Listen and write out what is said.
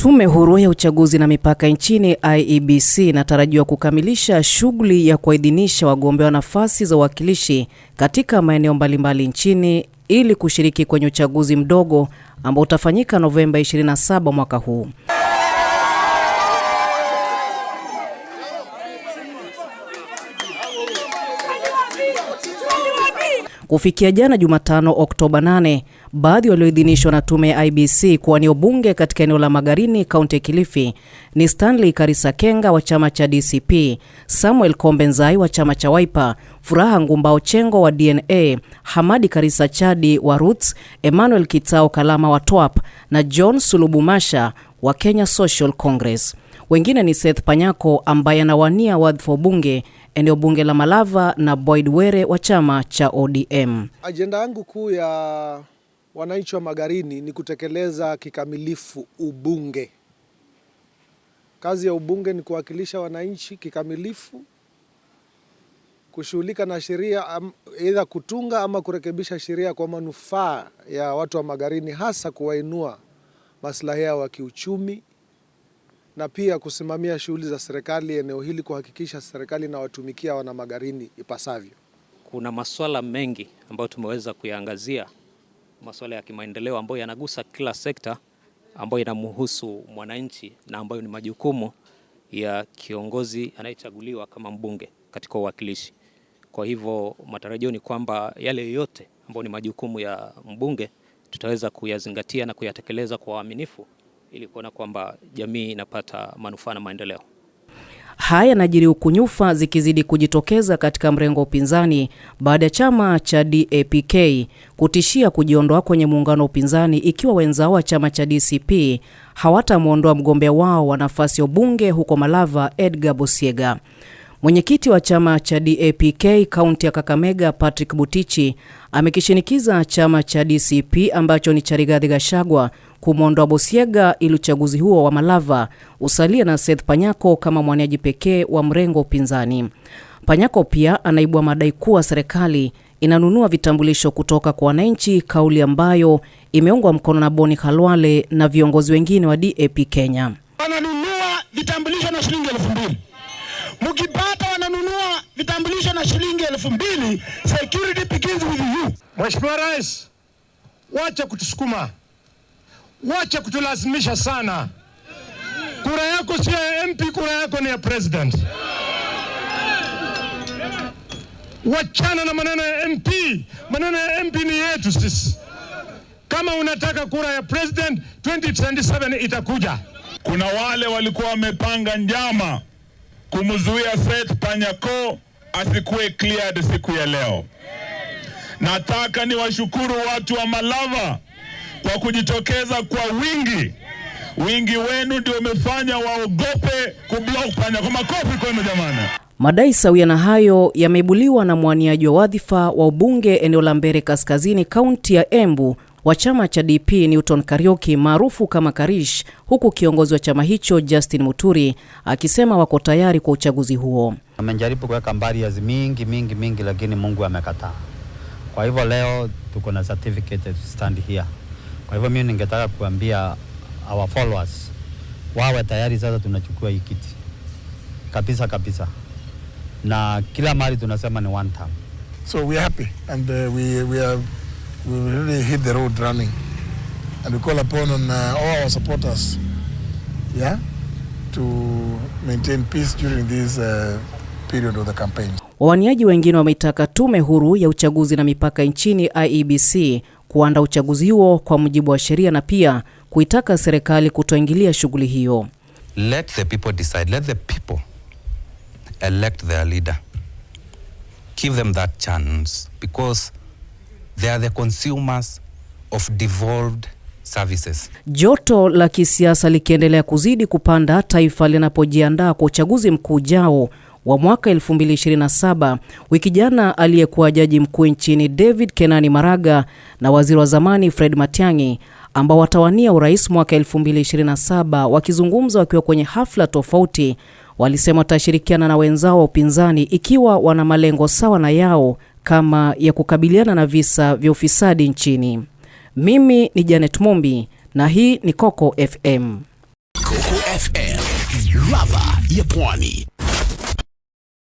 Tume Huru ya Uchaguzi na Mipaka nchini IEBC inatarajiwa kukamilisha shughuli ya kuidhinisha wagombea wa nafasi za uwakilishi katika maeneo mbalimbali nchini ili kushiriki kwenye uchaguzi mdogo ambao utafanyika Novemba 27 mwaka huu. Kufikia jana Jumatano Oktoba 8, baadhi walioidhinishwa na tume ya IBC kuwania ubunge katika eneo la Magarini, kaunti ya Kilifi ni Stanley Karisa Kenga wa chama cha DCP, Samuel Kombenzai wa chama cha Wiper, Furaha Ngumbao Chengo wa DNA, Hamadi Karisa Chadi wa Roots, Emmanuel Kitao Kalama wa TWAP na John Sulubumasha wa Kenya Social Congress. Wengine ni Seth Panyako ambaye anawania wadhifa ubunge eneo bunge la Malava na Boyd Were wa chama cha ODM. Ajenda yangu kuu ya wananchi wa Magarini ni kutekeleza kikamilifu ubunge. Kazi ya ubunge ni kuwakilisha wananchi kikamilifu, kushughulika na sheria, aidha kutunga ama kurekebisha sheria kwa manufaa ya watu wa Magarini, hasa kuwainua maslahi yao ya kiuchumi na pia kusimamia shughuli za serikali eneo hili, kuhakikisha serikali inawatumikia wana Magarini ipasavyo. Kuna masuala mengi ambayo tumeweza kuyaangazia, masuala ya kimaendeleo ambayo yanagusa kila sekta ambayo inamhusu mwananchi na ambayo ni majukumu ya kiongozi anayechaguliwa kama mbunge katika uwakilishi. Kwa hivyo matarajio ni kwamba yale yote ambayo ni majukumu ya mbunge tutaweza kuyazingatia na kuyatekeleza kwa uaminifu ili kuona kwamba jamii inapata manufaa na maendeleo. Haya yanajiri huku nyufa zikizidi kujitokeza katika mrengo wa upinzani baada ya chama cha DAPK kutishia kujiondoa kwenye muungano wa upinzani ikiwa wenzao wa chama cha DCP hawatamwondoa mgombea wao wa nafasi ya ubunge huko Malava, Edgar Bosiega. Mwenyekiti wa chama cha DAPK kaunti ya Kakamega, Patrick Butichi, amekishinikiza chama cha DCP ambacho ni cha Rigathi Gachagua kumwondoa bosiega ili uchaguzi huo wa Malava usalia na Seth Panyako kama mwaniaji pekee wa mrengo upinzani. Panyako pia anaibua madai kuwa serikali inanunua vitambulisho kutoka kwa wananchi, kauli ambayo imeungwa mkono na Boni Khalwale na viongozi wengine wa DAP Kenya. Wananunua vitambulisho na shilingi elfu mbili mkipata, wananunua vitambulisho na shilingi elfu mbili Security begins with you. Mheshimiwa Rais, wacha kutusukuma wache kutulazimisha sana. Kura yako sio ya MP, kura yako ni ya president. Wachana na maneno ya MP, maneno ya MP ni yetu sisi. Kama unataka kura ya president 2027 itakuja. Kuna wale walikuwa wamepanga njama kumzuia Seth Panyako asikuwe cleared siku ya leo. Nataka niwashukuru watu wa Malava kwa kujitokeza kwa wingi. Wingi wenu ndio umefanya waogope kublock panya kwa makofi kwenu jamani. Madai sawia na hayo yameibuliwa na mwaniaji wa wadhifa wa ubunge eneo la Mbeere Kaskazini kaunti ya Embu wa chama cha DP Newton karioki maarufu kama Karish, huku kiongozi wa chama hicho Justin Muturi akisema wako tayari kwa uchaguzi huo. Amejaribu kuweka barriers mingi mingi mingi, lakini Mungu amekataa. Kwa hivyo leo tuko na certificate stand here. Kwa hivyo mimi ningetaka kuambia our followers wawe tayari sasa, tunachukua hii kiti kabisa kabisa, na kila mahali tunasema ni one time. So we are happy and uh, we we have we really hit the road running and we call upon on, uh, all our supporters yeah to maintain peace during this uh, period of the campaign. Wawaniaji wengine wameitaka tume huru ya uchaguzi na mipaka nchini IEBC kuandaa uchaguzi huo kwa mujibu wa sheria na pia kuitaka serikali kutoingilia shughuli hiyo. Let the people decide. Let the people elect their leader. Give them that chance because they are the consumers of devolved services. Joto la kisiasa likiendelea kuzidi kupanda taifa linapojiandaa kwa uchaguzi mkuu ujao wa mwaka 2027. Wiki jana aliyekuwa jaji mkuu nchini David Kenani Maraga na waziri wa zamani Fred Matiang'i ambao watawania urais mwaka 2027 wakizungumza wakiwa kwenye hafla tofauti, walisema watashirikiana na wenzao wa upinzani ikiwa wana malengo sawa na yao kama ya kukabiliana na visa vya ufisadi nchini. Mimi ni Janet Mumbi na hii ni Coco FM. Coco FM, ladha ya Pwani.